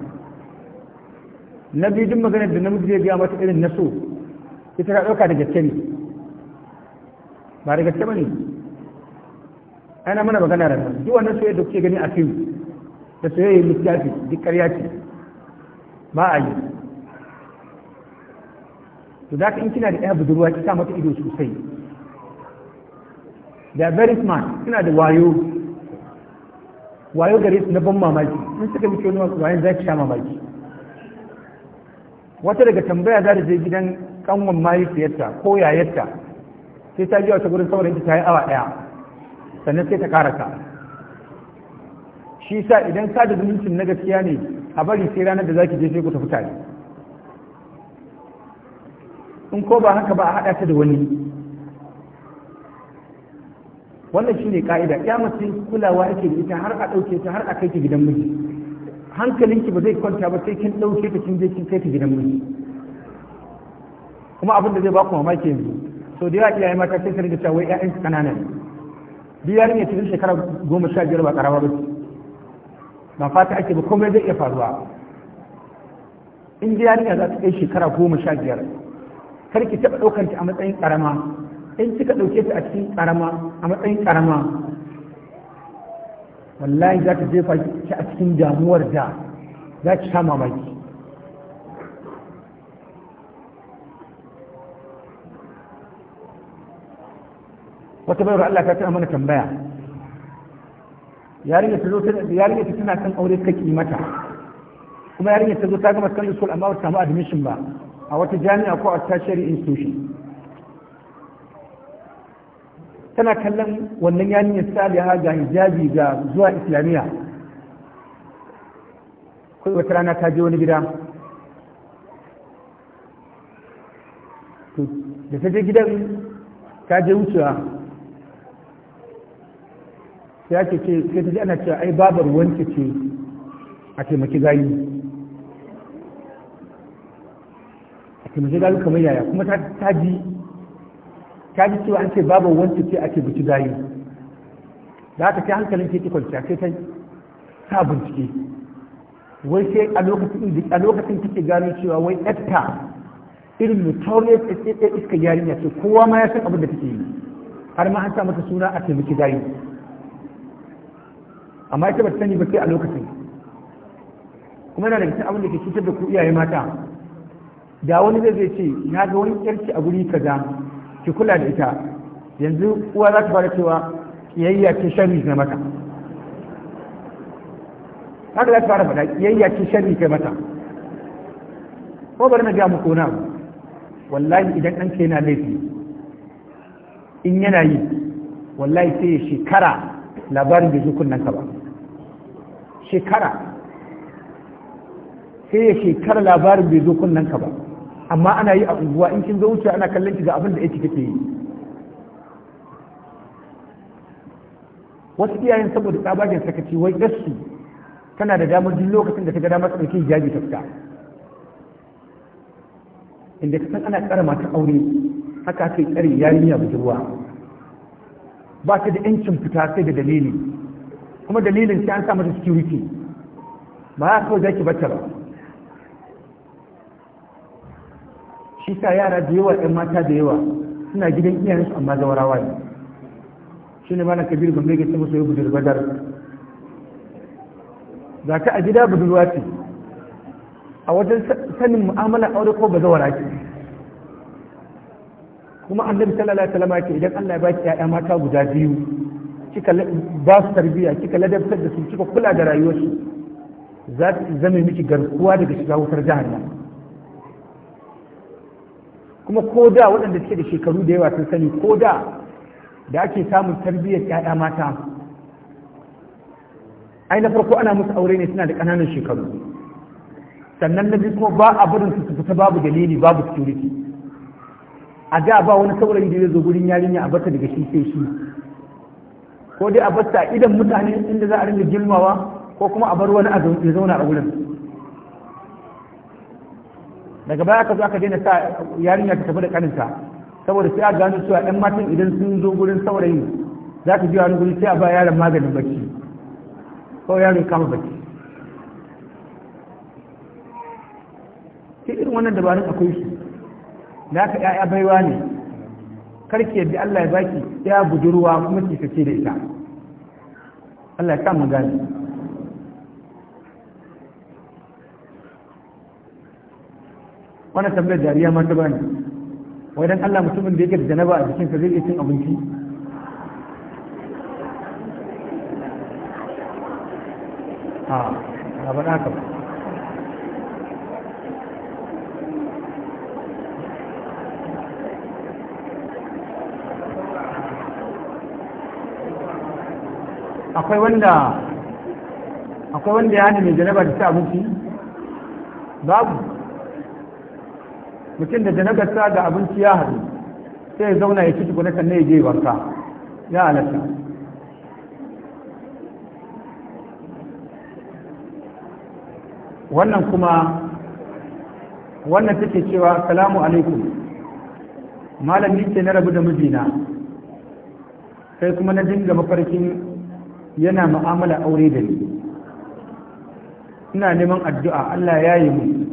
na biyu duk maganar da namiji zai biya mata irin na so ita ta ɗauka da gaske ne ba da gaske ba ne ana mana magana da nan duk wannan soyayya da kuke gani a fim da soyayya littafi duk ƙarya ce ba a yi to za ka in kina da ɗaya budurwa ki sa mata ido sosai da very smart suna da wayo wayo gare su na ban mamaki in suka miki wani wayan za sha mamaki wata daga tambaya za ta je gidan kanwan mahaifiyarta ko yayarta sai ta jiwa ta gurin saurayinta ta yi awa ɗaya sannan sai ta ka. shi sa idan ka da zumuncin na gaskiya ne a bari sai ranar da za ki je sai ku tafi tare in ko ba haka ba a haɗa ta da wani wannan shine ka'ida ya mace kulawa ake da ita har a ɗauke ta har a kai ta gidan miji hankalinki ba zai kwanta ba sai kin ɗauke ta kin je kin kai ta gidan miji kuma abin da zai ba ku mamaki yanzu so da yawa iyaye mata sai ta rinka cewa wai ƴaƴan su kanana ne duk ya cikin shekara goma sha biyar ba karama ba ba fata ake ba komai zai iya faruwa in dai yarinya za ta kai shekara goma sha biyar kar ki taɓa ɗaukar ta a matsayin ƙarama in kika ɗauke ta a cikin ƙarama a matsayin ƙarama wallahi za ta jefa ki a cikin damuwar da za ki sha mamaki wata bayar Allah ta tana mana tambaya yarinya ta zo yarinya ta tana kan aure kake mata kuma yarinya ta zo ta gama kan school amma ba ta samu admission ba a wata jami'a ko a tertiary institution tana kallon wannan yarinyar saliha ga hijabi ga zuwa islamiyya Ko wata rana ta je wani gida da ta je gidan ta je wucewa sai ake ce sai ta ji ana cewa ai babar wanke ce a taimaki gani ta mace gari kamar yaya kuma ta ji ta ji cewa an ce babu wancu ce ake buci gari da haka sai hankalin ke kwanciya sai ta sa bincike wai sai a lokacin kike gano cewa wai ɗatta irin notorious estate iska yarinya ce kowa ma ya san abin da take yi har ma an sa mata suna a taimaki gari amma ita ba ta sani ba sai a lokacin kuma yana da cikin abin da ke cutar da ku iyaye mata da wani zai zai ce na ga wani yarki a guri kaza ki kula da ita yanzu uwa za ta fara cewa kiyayya ce sharri na mata haka za ta fara faɗa kiyayya ce sharri kai mata ko bari na ga muku na wallahi idan an ce yana laifi in yana yi wallahi sai ya shekara labarin da zukun nan ka ba shekara sai ya shekara labarin bai zo kunnen ka ba amma ana yi a unguwa in kin zo wuce ana kallon ki ga abin da yake kake yi wasu iyayen saboda tsabagen sakaci wai gasu tana da damar duk lokacin da ta ga damar tsarki hijabi ta fita inda ka san ana tsara mata aure haka ake tsare yarinya budurwa ba ta da yancin fita sai da dalili kuma dalilin sai an sa mata security ba haka kawai zaki bata ba shi sa yara da yawa ɗan mata da yawa suna gidan iyayensu amma zawarawa ne shi ne malam kabir gombe ga musu yi budurwa dar za ka a gida budurwa ce a wajen sanin mu'amala aure ko ba zawara ce kuma annabi sallallahu alaihi wasallam ke idan Allah ya baki ya'ya mata guda biyu kika ba su tarbiyya kika ladabtar da su kika kula da rayuwarsu za su zame miki garkuwa daga shiga wutar jahannam kuma ko da waɗanda suke da shekaru da yawa sun sani ko da da ake samun tarbiyyar ƴaƴa mata ai na farko ana musu aure ne suna da ƙananan shekaru sannan na biyu kuma ba a barin su fita babu dalili babu security a da ba wani saurayi da ya zo gurin yarinya a bata daga shi sai shi ko dai a bata idan mutane inda za a rinka girmawa ko kuma a bar wani a zauna a wurin daga baya aka zo aka daina sa yarinya ta tafi da kaninta saboda sai a gano cewa ɗan matan idan sun zo gurin saurayi za ka ji wani guri sai a ba yaron maganin bacci ko yaron kama bacci sai irin wannan dabarun akwai su da aka ya'ya baiwa ne karki yadda Allah ya baki ya budurwa kuma ki kace da ita Allah ya kama gani wani tambayar dariya ma ta bani wai dan Allah mutumin da yake da janaba a sa zai iya cin abinci a ba ba haka akwai wanda akwai wanda ya hana mai janaba da ta abinci babu mutum da janagarsa da abinci ya haɗu sai ya zauna ya ci tukuna kan ya je wanka ya halatta wannan kuma wannan take cewa salamu alaikum malami ce na rabu da mijina sai kuma na dinga mafarkin yana ma'amala aure da ni ina neman addu'a Allah ya yi mu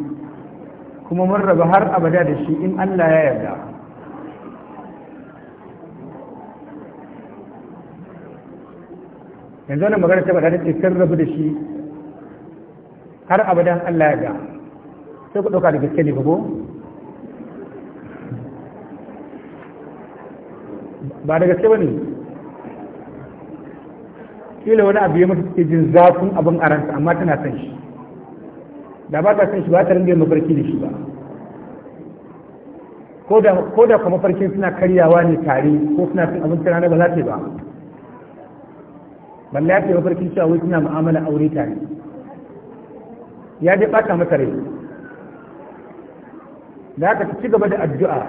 kuma mun raba har abada da shi in Allah ya yarda yanzu wani magana ta bada ta ce sun rabu da shi har abadan Allah ya ga sai ku ɗauka da gaske ne ko ba da gaske ba ne kila wani abu ya mutu cikin jin zafin abin aransa amma tana son shi da ba ta san shi ba ta ringa mafarki da shi ba ko da kuma farkin suna karyawa ne tare ko suna cin abinci rana ba za ta ba balla ya ce mafarkin cewa wai suna mu'amala aure tare ya je ɓata masa rai da aka ci gaba da addu'a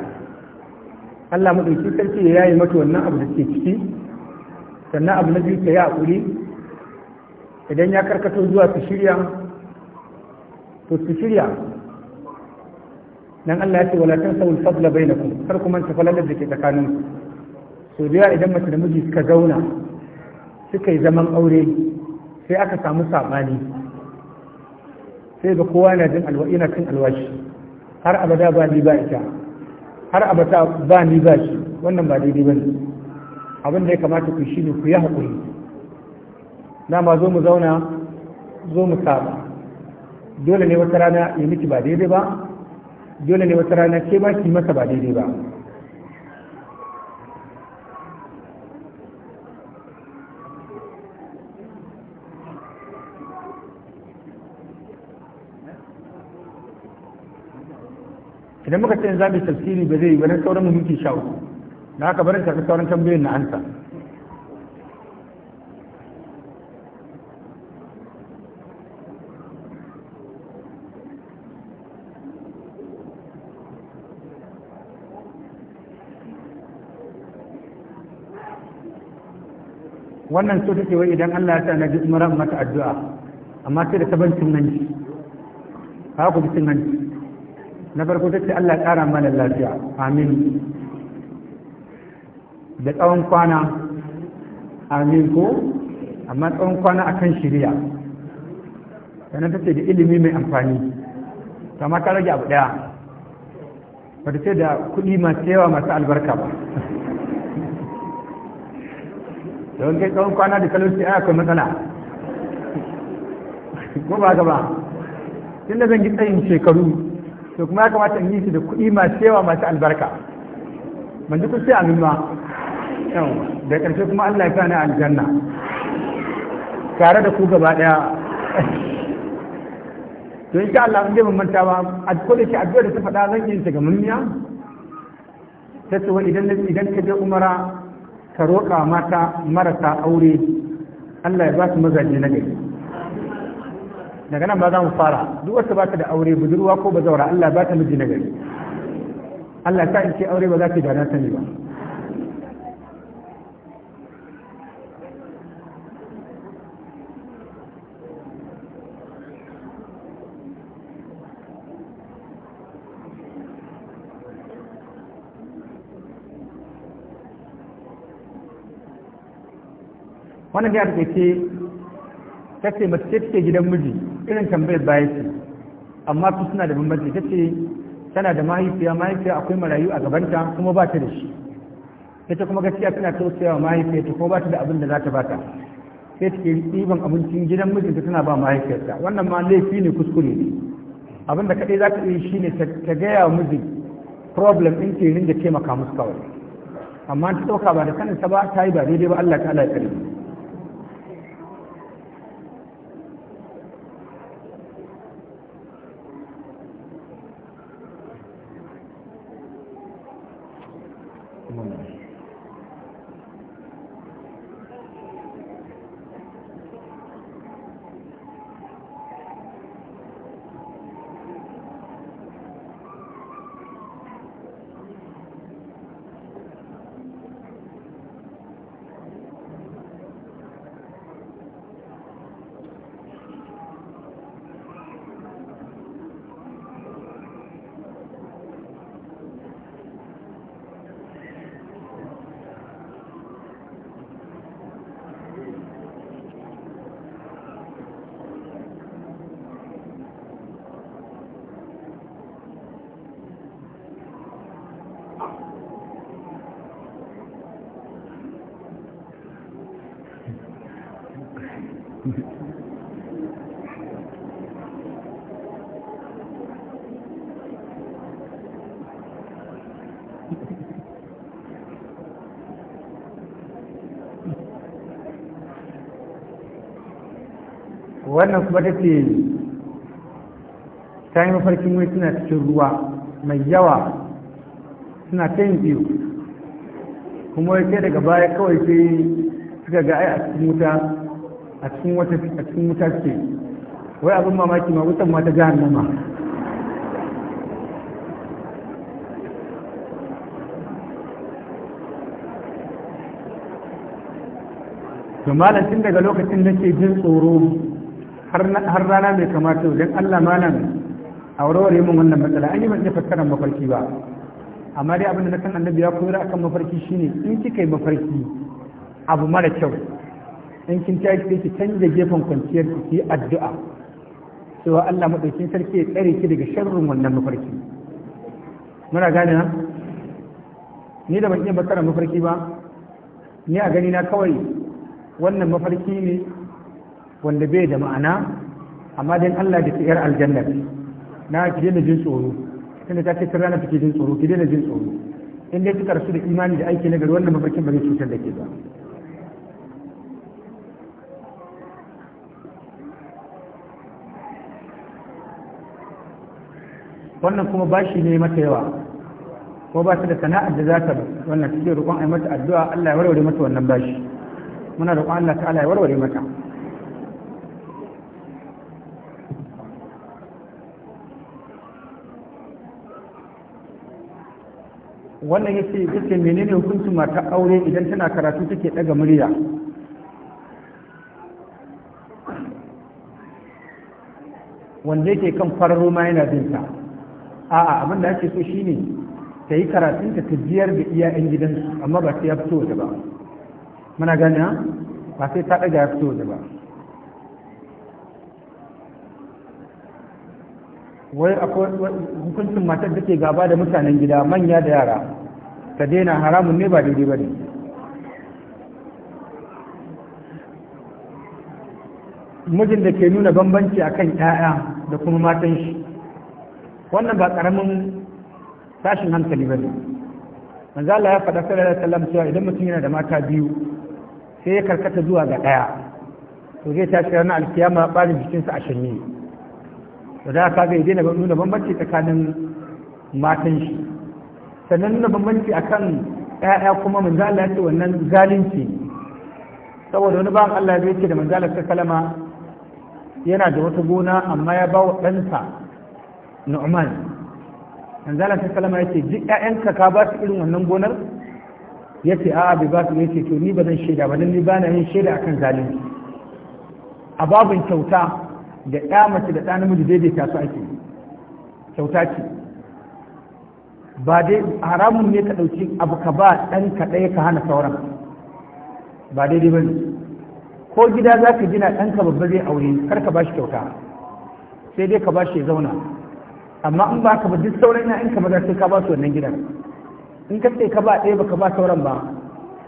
Allah maɗauki sarki ya yayi mata wannan abu da ke ciki sannan abu na biyu ta yi haƙuri idan ya karkato zuwa ta shirya to su shirya nan Allah ya ce wala tan sawul fadla bainakum kar ku manta falalar da ke tsakanin ku so da idan mace da miji suka zauna suka yi zaman aure sai aka samu sabani sai ga kowa na jin alwa na cin alwashi har abada ba ni ba ita har abada ba ni ba shi wannan ba daidai bane abin da ya kamata ku shine ku yi hakuri na ma zo mu zauna zo mu saba dole ne wata rana ya miki ba daidai ba dole ne wata rana ke ma ki masa ba daidai ba idan muka ce za mu tafsiri ba zai yi ba na sauran mu miki sha uku da haka barin tafi sauran tambayoyin na ansa wannan so take wai idan Allah ya sa na ji umara mata addu'a amma sai da sabancin nan ji ha ku cin nan na farko ta ce Allah ƙara mana lafiya amin da tsawon kwana amin ko amma tsawon kwana akan shirya sannan ta ce da ilimi mai amfani kama ka rage abu daya ba ta ce da kuɗi masu yawa masu albarka ba don kai tsawon kwana da talauci a akwai matsala ko ba gaba tun da zan yi tsayin shekaru to kuma ya kamata in yi shi da kuɗi masu yawa masu albarka ban ji kusa a nuna da ƙarshe kuma Allah ya kana aljanna tare da ku gaba ɗaya to insha Allah in dai ban manta ba a ko da ke addu'a da ta faɗa zan yi ta ga munniya ta ce wani idan ka je umara ta roƙa mata marasa aure Allah ya ba su mazaje na gari daga nan ba za mu fara duk wasu ba ta da aure budurwa ko bazaura Allah ba ta miji na gari Allah ta in ce aure ba za ta gana sani ba wannan da ta ce tace mace ce gidan miji irin tambayar baya ce amma su suna da bambanci ce tana da mahaifiya mahaifiya akwai marayu a gabanta kuma ba ta da shi ta ce kuma gaskiya tana tausayawa mahaifiya ta kuma ba ta da abin da za ta bata sai ta ke ɗiban abincin gidan mijinta tana ba mahaifiyarta wannan ma laifi ne kuskure ne abin da kaɗai za ta yi ne ta gaya wa miji problem ɗin ke ringa taimaka musu kawai amma ta ɗauka ba da sanin ta ba ta yi ba daidai ba Allah ta Allah ya wannan kuma ta ce ta yi mafarkin wai suna cikin ruwa mai yawa suna ta yin biyu kuma wai sai daga baya kawai sai suka ga ai a cikin wuta a cikin wata a cikin wuta ce wai abin mamaki ma wutan ma ta jahannama to malam tun daga lokacin nake jin tsoro har rana mai kamata don Allah malam a warware mun wannan matsala an yi ban fassara mafarki ba amma dai abinda na kan annabi ya koyar akan mafarki shine in kika yi mafarki abu mara kyau in kin ta yi ki canja gefen kwanciyar ki yi addu'a cewa Allah madaukin sarki ya tsare ki daga sharrin wannan mafarki muna gane na ni da ban iya mafarki ba ni a gani na kawai wannan mafarki ne wanda bai da ma'ana amma dan Allah da yar aljanna na ki daina jin tsoro tunda ta ce kan rana take jin tsoro ki daina jin tsoro in dai kika rasu da imani da aiki na gari wannan mafarkin ba zai cutar da ke ba wannan kuma bashi ne mata yawa ko ba su da sana'ar da za ta wannan cikin roƙon ai mata addu'a Allah ya warware mata wannan bashi muna roƙon Allah ta'ala ya warware mata wannan yace yace menene hukuncin mata aure idan tana karatu take daga murya wanda yake kan fararo ma yana binta a'a abin da ake so shine ta yi karatun ta jiyar da iya yan gidansu amma ba sai ya fito da ba muna gani ba sai ta daga ya fito da ba wai akwai hukuncin matar da ke gaba da mutanen gida manya da yara ta daina haramun ne ba daidai ba ne mijin da ke nuna bambanci a kan 'ya'ya da kuma matan shi wannan ba ƙaramin tashin hankali ba ne Manzala ya faɗa sarari da wasallam cewa idan mutum yana da mata biyu sai ya karkata zuwa ga ɗaya to zai tashi ranar alkiyama ɓarin jikinsa a shanye da za ka ga ya daina nuna bambanci tsakanin matan shi sannan nuna bambanci akan ƴaƴa kuma manzala ya ce wannan zalunci saboda wani bawan Allah ya ce da manzala ta kalama yana da wata gona amma ya ba wa ɗansa Nu'man manzala ta kalama ya ce duk ƴaƴanka ka ba su irin wannan gonar ya ce a'a bai ba su ya ce to ni ba zan shaida ba ni ba na yin shaida akan zalunci a babin kyauta da ɗa mace da ɗa namiji daidaita su ake kyauta ce ba dai haramun ne ka ɗauki abu ka ba ɗan ka ɗaya ka hana sauran ba daidai ba ne ko gida za ka gina ɗanka babba zai aure kar ka ba shi kyauta sai dai ka ba shi ya zauna amma in ba ka ba duk sauran ya'yan ka maza sai ka ba su wannan gidan in ka ce ka ba ɗaya ba ka ba sauran ba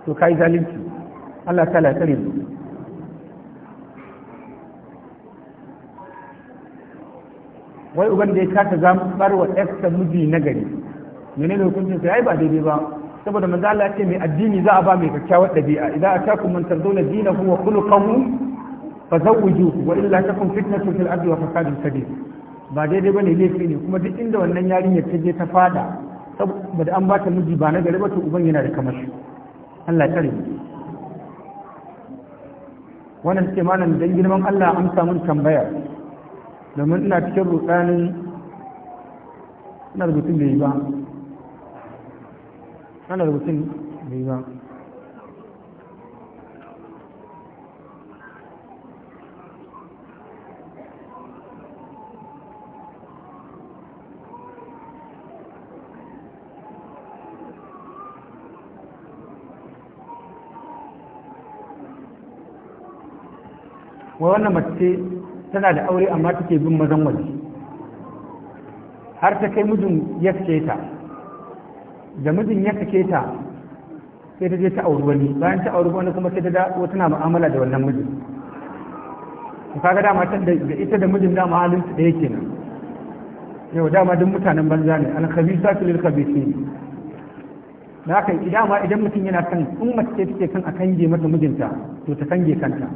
to ka yi zalunci Allah ta lasare mu wai uban da ya za mu wa ƴarsa miji na gari menene hukuncin sai "Ai, ba daidai ba saboda manzo Allah ce mai addini za a ba mai kyakkyawar ɗabi'a idan a atakum man tardawna dinahu wa khuluquhu fazawwijuhu wa illa takum fitnatun fil ardi wa fasadun kabir ba daidai bane laifi ne kuma duk inda wannan yarinyar ta je ta fada saboda an ba ta miji ba na gari ba to uban yana da shi Allah ya wannan ce malam dan girman Allah an samu tambaya domin ina cikin rukanin na rubutun da yi ba ana rubutun da yi ba wa wannan mace tana da aure amma take bin mazan waje har ta kai mijin ya sake ta da mijin ya sake ta sai ta je ta auri wani bayan ta auri wani kuma sai ta da wata na mu'amala da wannan mijin Ku kaga dama ta da ita da mijin dama halin su ɗaya kenan yau dama duk mutanen banza ne al khabisa lil khabisin na kai idan mutum yana kan in mace take kan a kange mata mijinta to ta kange kanta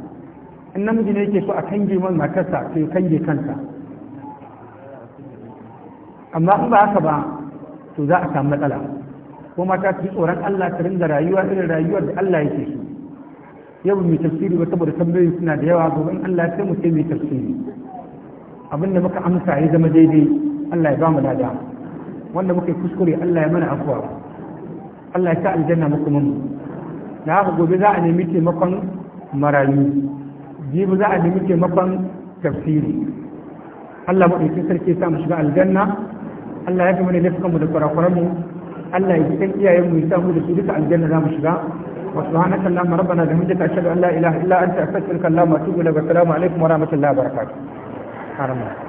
in namiji ne yake so a kange man matarsa sai kange kansa amma in ba haka ba to za a samu matsala ko mata yi tsoron Allah ta ringa rayuwa irin rayuwar da Allah yake so yau mai tafsiri ba saboda tambayoyi suna da yawa gobe in Allah sai mu sai mai tafsiri abin da muka amsa ya zama daidai Allah ya ba mu lada wanda muka yi kuskure Allah ya mana afuwa Allah ya sa aljanna muku mun da haka gobe za a nemi taimakon marayu jibi za a nemi taimakon tafsiri Allah maɗauki sarki sa mu shiga aljanna Allah ya fi mana laifukanmu da kurakuranmu Allah ya san mu ya samu da su duka aljanna za mu shiga wa subhanaka allahumma rabbana da hamdaka ashhadu an la ilaha illa anta astaghfiruka wa atubu ilaik wa assalamu alaikum wa rahmatullahi wa barakatuh